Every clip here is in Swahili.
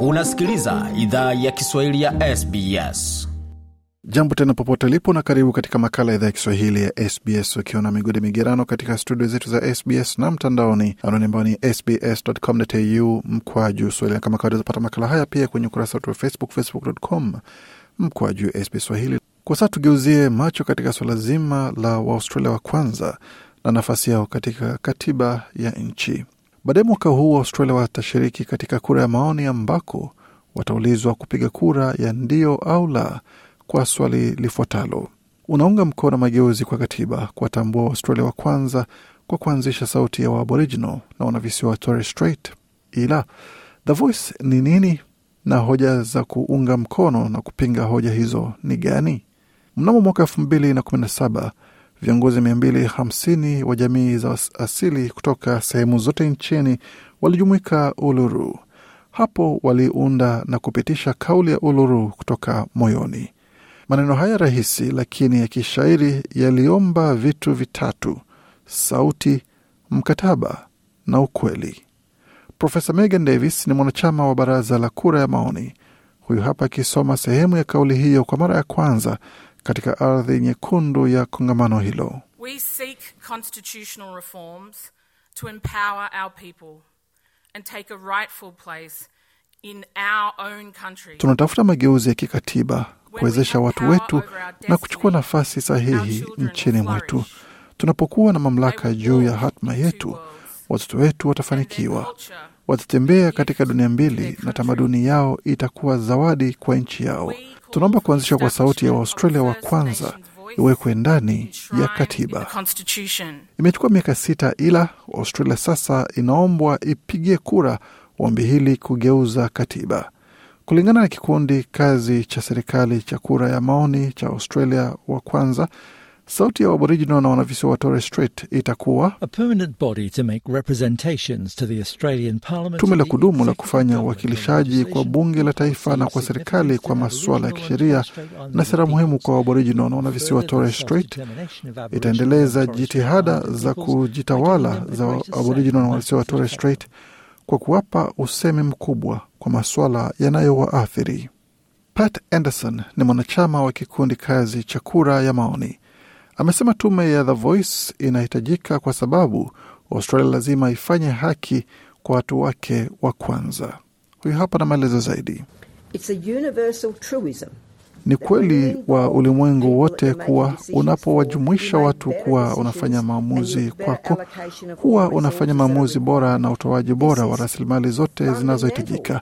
Unasikiliza idhaa ya Kiswahili ya SBS. Jambo tena popote ulipo na karibu katika makala ya idhaa ya Kiswahili ya SBS ukiwa na migodi migerano katika studio zetu za SBS na mtandaoni anwani ambao ni sbs.com.au mkwaju swahili. Kama kawaida, zapata makala haya pia kwenye ukurasa wetu wa Facebook, facebook.com mkwaju sb Swahili. Kwa sasa tugeuzie macho katika suala zima la Waaustralia wa kwanza na nafasi yao katika katiba ya nchi. Baadaye mwaka huu Australia watashiriki katika kura ya maoni ambako wataulizwa kupiga kura ya ndio au la kwa swali lifuatalo: unaunga mkono mageuzi kwa katiba kuwatambua Waustralia wa kwanza kwa kuanzisha sauti ya Waaboriginal na wanavisiwa Torres Strait? Ila The Voice ni nini, na hoja za kuunga mkono na kupinga hoja hizo ni gani? Mnamo mwaka elfu mbili na kumi na saba Viongozi 250 wa jamii za asili kutoka sehemu zote nchini walijumuika Uluru. Hapo waliunda na kupitisha kauli ya Uluru kutoka moyoni. Maneno haya rahisi lakini ya kishairi yaliomba vitu vitatu: sauti, mkataba na ukweli. Profesa Megan Davis ni mwanachama wa baraza la kura ya maoni. Huyu hapa akisoma sehemu ya kauli hiyo kwa mara ya kwanza katika ardhi nyekundu ya kongamano hilo. We seek constitutional reforms to empower our people and take a rightful place in our own country. Tunatafuta mageuzi ya kikatiba kuwezesha watu wetu na kuchukua nafasi sahihi nchini mwetu. Tunapokuwa na mamlaka juu ya hatma yetu, watoto wetu watafanikiwa, watatembea katika dunia mbili, na tamaduni yao itakuwa zawadi kwa nchi yao. Tunaomba kuanzishwa kwa sauti ya Waustralia wa kwanza iwekwe ndani ya katiba. Imechukua miaka sita, ila Australia sasa inaombwa ipigie kura ombi hili kugeuza katiba. Kulingana na kikundi kazi cha serikali cha kura ya maoni cha Australia wa kwanza Sauti ya Aboriginal na wanavisiwa Torres Strait itakuwa tume la kudumu la kufanya uwakilishaji kwa bunge la taifa na kwa serikali kwa masuala ya kisheria na sera muhimu kwa Aboriginal na wanavisiwa Torres Strait. Itaendeleza jitihada za kujitawala za Aboriginal na wanavisiwa Torres Strait kwa kuwapa usemi mkubwa kwa masuala yanayowaathiri. Pat Anderson ni mwanachama wa kikundi kazi cha kura ya maoni Amesema tume ya The Voice inahitajika kwa sababu Australia lazima ifanye haki kwa watu wake wa kwanza. Huyu hapa na maelezo zaidi. It's a universal truism ni kweli wa ulimwengu wote kuwa unapowajumuisha watu kuwa unafanya maamuzi kwako, huwa unafanya maamuzi bora na utoaji bora wa rasilimali zote zinazohitajika.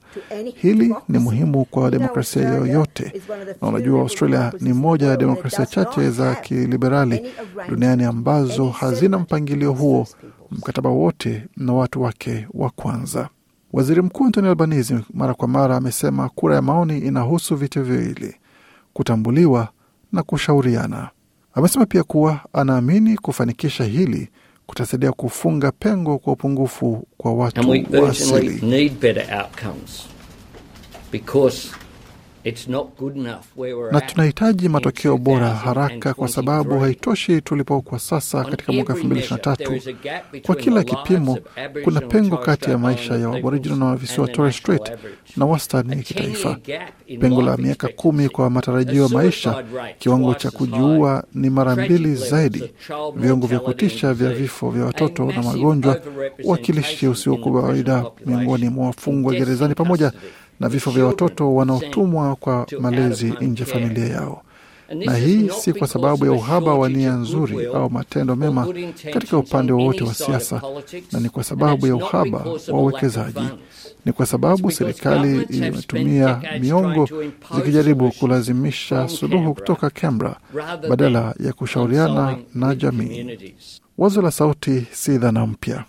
Hili ni muhimu kwa demokrasia yoyote, na unajua, Australia ni moja ya demokrasia chache za kiliberali duniani ambazo hazina mpangilio huo, mkataba wote na watu wake wa kwanza. Waziri Mkuu Anthony Albanese mara kwa mara amesema kura ya maoni inahusu vitu viwili kutambuliwa na kushauriana. Amesema pia kuwa anaamini kufanikisha hili kutasaidia kufunga pengo kwa upungufu kwa watu wa asili na tunahitaji matokeo bora haraka, kwa sababu haitoshi tulipokwa sasa. Katika mwaka tatu. kwa kila kipimo, kuna pengo kati ya maisha ya Waborijini na visiwa Torres Strait na wastani ya kitaifa, pengo la miaka kumi kwa matarajio ya maisha. Kiwango cha kujiua ni mara mbili zaidi, viwango vya kutisha vya vifo vya watoto na magonjwa, uwakilishi usio kawaida miongoni mwa wafungwa gerezani, pamoja na vifo vya watoto wanaotumwa kwa malezi nje familia yao na hii si kwa sababu ya uhaba wa nia nzuri au matendo mema katika upande wowote wa siasa, na ni kwa sababu ya uhaba wa uwekezaji. Ni kwa sababu serikali imetumia miongo zikijaribu kulazimisha suluhu kutoka Canberra badala ya kushauriana na jamii. Wazo la sauti si dhana mpya,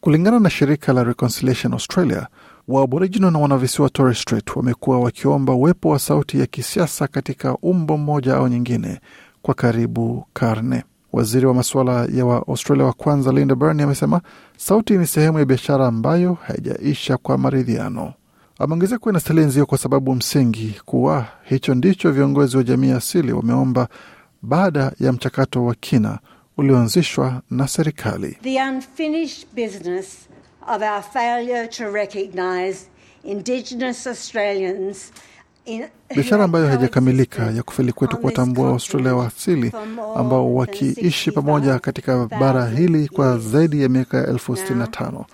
kulingana na shirika la Reconciliation Australia wa Aborijini na wanavisiwa Torres Strait wamekuwa wakiomba uwepo wa sauti ya kisiasa katika umbo mmoja au nyingine kwa karibu karne. Waziri wa masuala ya Waaustralia wa kwanza Linda Burney amesema sauti ni sehemu ya biashara ambayo haijaisha kwa maridhiano. Ameongezea kuwa inastahili nzio kwa sababu msingi kuwa hicho ndicho viongozi wa jamii asili wameomba baada ya mchakato wa kina ulioanzishwa na serikali. The of our failure to recognise Indigenous Australians biashara ambayo haijakamilika ya kufeli kwetu kuwatambua Waustralia wa asili ambao wakiishi pamoja katika bara hili kwa zaidi ya miaka elfu sitini na tano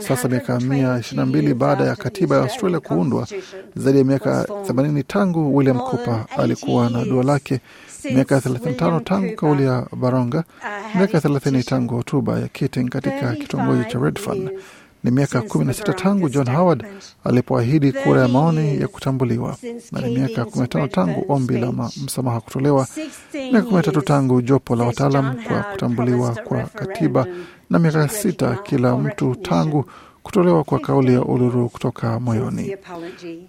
sasa miaka mia ishirini na mbili baada ya katiba ya Australia kuundwa, zaidi ya miaka 80 tangu William Cooper alikuwa na dua lake, miaka 35 tangu kauli ya Baronga, uh, miaka 30 tangu hotuba ya Keating katika kitongoji cha Redfern. Ni miaka 16 tangu John Howard alipoahidi kura ya maoni ya kutambuliwa, na ni miaka 15 tangu ombi la msamaha kutolewa, miaka 13 tangu jopo la wataalam kwa kutambuliwa kwa katiba na miaka sita kila mtu tangu kutolewa kwa kauli ya uluru kutoka moyoni.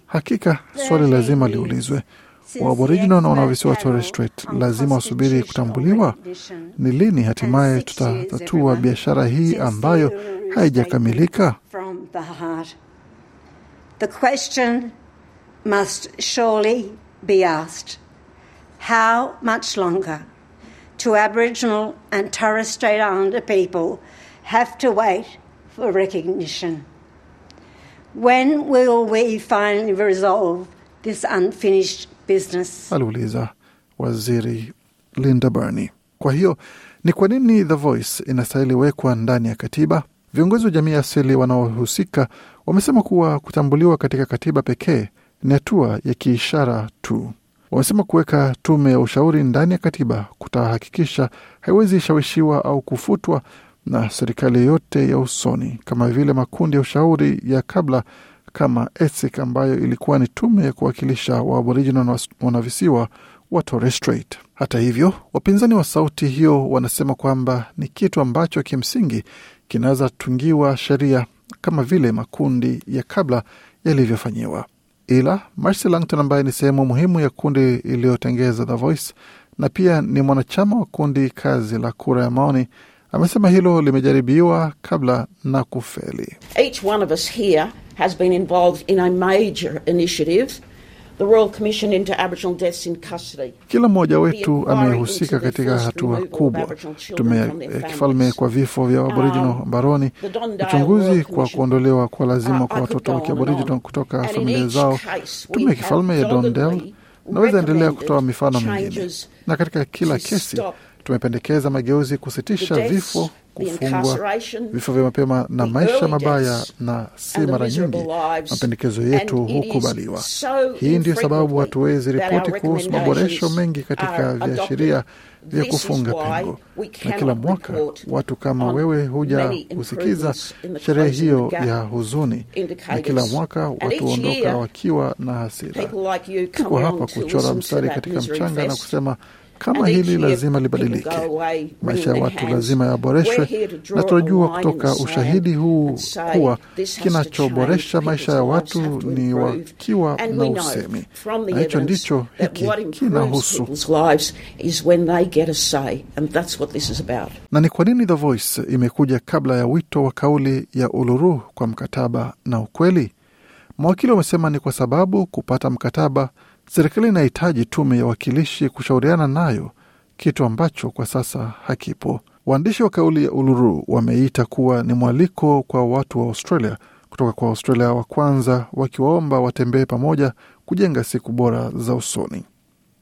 Hakika swali lazima liulizwe, Waaboriginal na wanavisiwa Torres Strait lazima wasubiri kutambuliwa? Ni lini hatimaye tutatatua biashara hii ambayo haijakamilika? how much longer to Aboriginal and Torres Strait Islander people have to wait for recognition. When will we finally resolve this unfinished business? Aliuliza Waziri Linda Burney. Kwa hiyo ni kwa nini The Voice inastahili wekwa ndani ya katiba? Viongozi wa jamii asili wanaohusika wamesema kuwa kutambuliwa katika katiba pekee ni hatua ya kiishara tu. Wamesema kuweka tume ya ushauri ndani ya katiba kutahakikisha haiwezi shawishiwa au kufutwa na serikali yote ya usoni, kama vile makundi ya ushauri ya kabla kama ETSIC ambayo ilikuwa ni tume ya kuwakilisha waaborijin wanavisiwa wa Torres Strait. Hata hivyo, wapinzani wa sauti hiyo wanasema kwamba ni kitu ambacho kimsingi kinaweza tungiwa sheria kama vile makundi ya kabla yalivyofanyiwa ila Marcy Langton ambaye ni sehemu muhimu ya kundi iliyotengeza The Voice na pia ni mwanachama wa kundi kazi la kura ya maoni amesema hilo limejaribiwa kabla na kufeli. Each one of us here has been involved in a major initiative The Royal Commission into Aboriginal Deaths in Custody. Kila mmoja wetu amehusika katika hatua kubwa. Tume eh, kifalme kwa vifo vya um, Aboriginal baroni, uchunguzi kwa kuondolewa kwa uh, lazima kwa watoto wa Kiaboriginal kutoka familia zao. Tume ya kifalme ya dondel naweza endelea kutoa mifano mingine, na katika kila kesi tumependekeza mageuzi kusitisha vifo kufungwa, vifo vya mapema na maisha mabaya, na si mara nyingi mapendekezo yetu hukubaliwa. So hii ndiyo sababu hatuwezi ripoti kuhusu maboresho mengi katika viashiria vya kufunga pengo, na kila mwaka watu kama wewe huja husikiza sherehe hiyo ya huzuni, na kila mwaka watu huondoka wakiwa na hasira. Like tuko hapa kuchora mstari katika mchanga na kusema kama hili lazima libadilike, maisha ya watu lazima yaboreshwe, na tunajua kutoka ushahidi huu kuwa kinachoboresha maisha ya watu ni wakiwa na usemi, na hicho ndicho hiki kinahusu. Na ni kwa nini The Voice imekuja kabla ya wito wa kauli ya Uluru kwa mkataba na ukweli? Mawakili wamesema ni kwa sababu kupata mkataba serikali inahitaji tume ya wakilishi kushauriana nayo, kitu ambacho kwa sasa hakipo. Waandishi wa kauli ya Uluru wameita kuwa ni mwaliko kwa watu wa Australia kutoka kwa Australia wa kwanza, wakiwaomba watembee pamoja kujenga siku bora za usoni.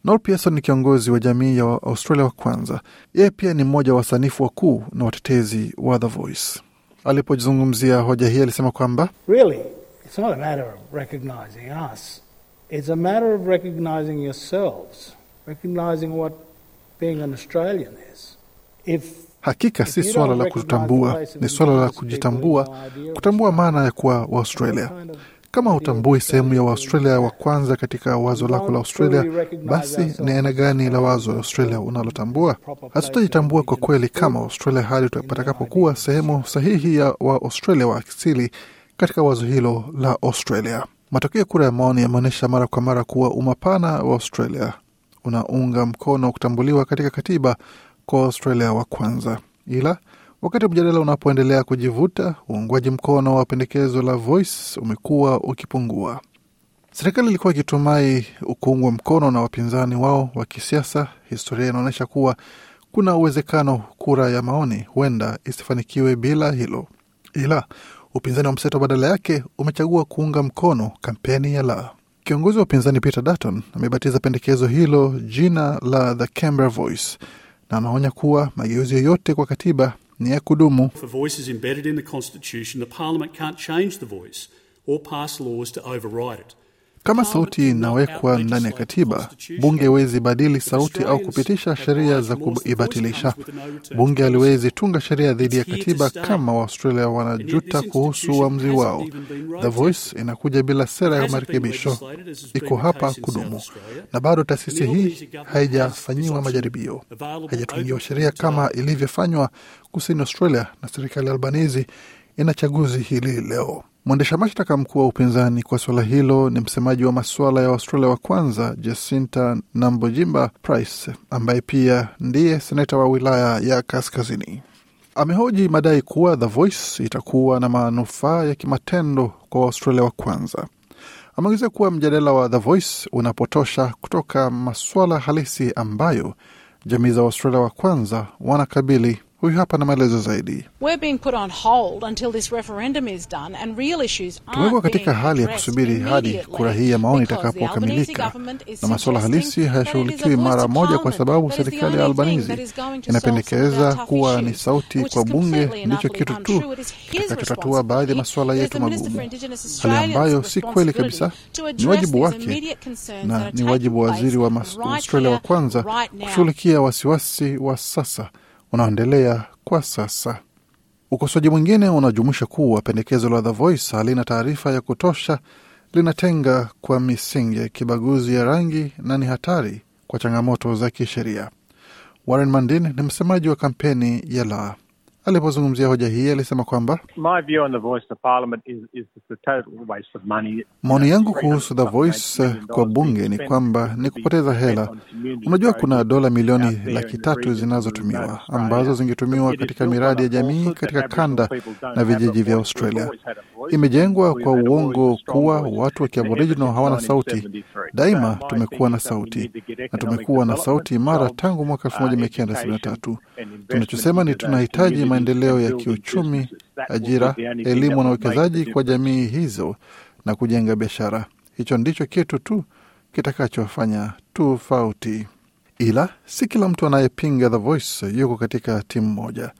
Noel Pearson ni kiongozi wa jamii ya Australia wa kwanza. Yeye pia ni mmoja wa wasanifu wakuu na watetezi wa The Voice. Alipozungumzia hoja hii alisema kwamba really, it's not a matter of recognizing us It's a matter of recognizing yourselves, recognizing what being an Australian is. If Hakika si swala la kutambua, ni swala la kujitambua, kutambua maana ya kuwa Waaustralia. Kama hutambui sehemu ya Waaustralia wa kwanza katika wazo lako la Australia, basi ni aina gani la wazo ya Australia unalotambua? Hatutajitambua kwa kweli kama Australia hadi kuwa sehemu sahihi ya Waaustralia wa asili katika wazo hilo la Australia. Matokeo ya kura ya maoni yameonyesha mara kwa mara kuwa umapana wa Australia unaunga mkono kutambuliwa katika katiba kwa Australia wa kwanza, ila wakati mjadala unapoendelea kujivuta, uungwaji mkono wa pendekezo la Voice umekuwa ukipungua. Serikali ilikuwa ikitumai kuungwa mkono na wapinzani wao wa kisiasa. Historia inaonyesha kuwa kuna uwezekano kura ya maoni huenda isifanikiwe bila hilo, ila Upinzani wa mseto badala yake umechagua kuunga mkono kampeni ya la. Kiongozi wa upinzani Peter Dutton amebatiza pendekezo hilo jina la The Canberra Voice na anaonya kuwa mageuzi yoyote kwa katiba ni ya kudumu. Kama sauti inawekwa ndani ya katiba, bunge haiwezi badili sauti au kupitisha sheria za kuibatilisha. Bunge haliwezi tunga sheria dhidi ya katiba kama Waaustralia wanajuta kuhusu uamuzi wa wao. The Voice inakuja bila sera ya marekebisho, iko hapa kudumu, na bado taasisi hii haijafanyiwa majaribio, haijatungiwa sheria kama ilivyofanywa kusini Australia na serikali Albanizi ina chaguzi hili leo. Mwendesha mashtaka mkuu wa upinzani kwa suala hilo ni msemaji wa masuala ya Australia wa kwanza Jacinta Nambojimba Price, ambaye pia ndiye seneta wa wilaya ya Kaskazini. Amehoji madai kuwa The Voice itakuwa na manufaa ya kimatendo kwa Waustralia wa kwanza. Ameongezea kuwa mjadala wa The Voice unapotosha kutoka masuala halisi ambayo jamii za Waustralia wa kwanza wanakabili Huyu hapa na maelezo zaidi. Tumekuwa katika hali ya kusubiri hadi kura hii ya maoni itakapokamilika, na masuala halisi hayashughulikiwi mara moja, kwa sababu serikali ya Albanizi inapendekeza kuwa ni sauti kwa bunge ndicho kitu tu kitakachotatua baadhi ya masuala yetu magumu, hali ambayo si kweli kabisa. Ni wajibu wake na ni wajibu wa waziri wa Australia wa kwanza kushughulikia wasiwasi wa sasa unaoendelea kwa sasa. Ukosoaji mwingine unajumuisha kuwa pendekezo la The Voice halina taarifa ya kutosha, linatenga kwa misingi ya kibaguzi ya rangi na ni hatari kwa changamoto za kisheria. Warren Mandin ni msemaji wa kampeni ya la Alipozungumzia hoja hii alisema kwamba maoni yangu kuhusu The Voice eh, kwa bunge ni kwamba ni kupoteza hela. Unajua, kuna dola milioni laki tatu zinazotumiwa ambazo zingetumiwa katika miradi ya jamii katika kanda na vijiji vya Australia. Imejengwa kwa uongo kuwa watu wa Kiaboriginal hawana sauti. Daima tumekuwa na sauti na tumekuwa na sauti mara tangu mwaka uh, tatu. Tunachosema ni tunahitaji maendeleo ya kiuchumi, ajira, elimu na uwekezaji kwa jamii hizo na kujenga biashara. Hicho ndicho kitu tu kitakachofanya tofauti, ila si kila mtu anayepinga The Voice yuko katika timu moja.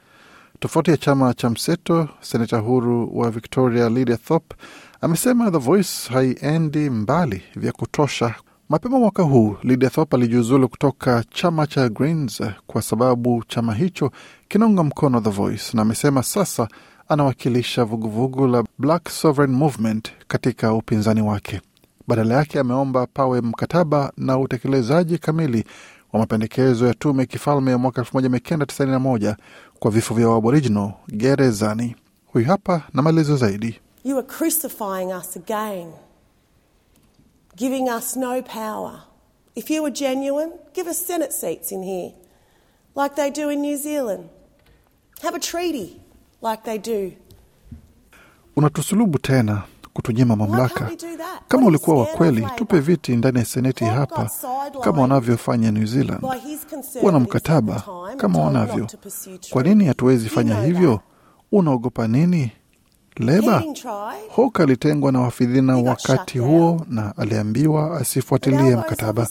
Tofauti ya chama cha mseto, seneta huru wa Victoria Lydia Thorpe amesema The Voice haiendi mbali vya kutosha Mapema mwaka huu Lydia alijiuzulu kutoka chama cha Greens kwa sababu chama hicho kinaunga mkono The Voice, na amesema sasa anawakilisha vuguvugu la Black Sovereign Movement katika upinzani wake. Badala yake ameomba pawe mkataba na utekelezaji kamili wa mapendekezo ya tume kifalme ya mwaka 1991 kwa vifo vya Aboriginal gerezani. Huyu hapa na maelezo zaidi. You are crucifying us again giving us no power. If you were genuine, give us Senate seats in here, like they do in New Zealand. Have a treaty, like they do. Unatusulubu tena kutunyima mamlaka. Kama ulikuwa wa kweli, tupe viti ndani ya seneti hapa kama wanavyofanya New Zealand. Wana mkataba kama wanavyo. Kwa nini hatuwezi fanya hivyo? Unaogopa nini? Leba Hok alitengwa na wafidhina wakati huo na aliambiwa asifuatilie mkataba.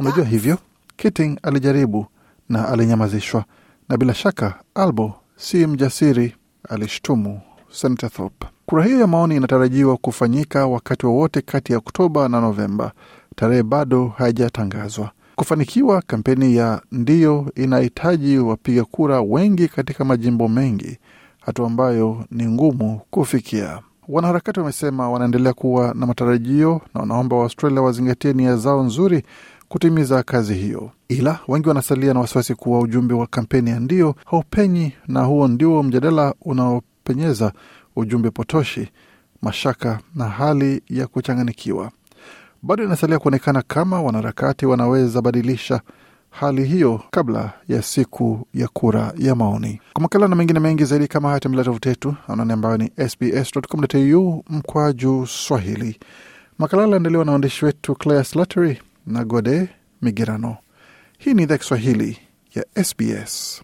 Unajua hivyo, Keating alijaribu na alinyamazishwa, na bila shaka Albo si mjasiri, alishtumu Senator Thorpe. Kura hiyo ya maoni inatarajiwa kufanyika wakati wowote wa kati ya Oktoba na Novemba. Tarehe bado haijatangazwa. Kufanikiwa, kampeni ya ndio inahitaji wapiga kura wengi katika majimbo mengi hatua ambayo ni ngumu kufikia. Wanaharakati wamesema wanaendelea kuwa na matarajio na wanaomba Waaustralia wazingatie nia zao nzuri kutimiza kazi hiyo, ila wengi wanasalia na wasiwasi kuwa ujumbe wa kampeni ya ndio haupenyi, na huo ndio mjadala unaopenyeza ujumbe potoshi, mashaka na hali ya kuchanganikiwa. Bado inasalia kuonekana kama wanaharakati wanaweza badilisha hali hiyo kabla ya siku ya kura ya maoni. Kwa makala na mengine mengi zaidi kama haya, tembelea tovuti yetu anwani ambayo ni sbs.com.au mkwaju swahili. Makala aliandaliwa na waandishi wetu Claire Slattery na Gode Migerano. Hii ni idhaa Kiswahili ya SBS.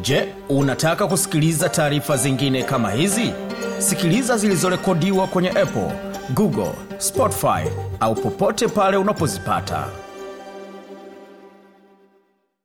Je, unataka kusikiliza taarifa zingine kama hizi? Sikiliza zilizorekodiwa kwenye Apple, Google, Spotify au popote pale unapozipata.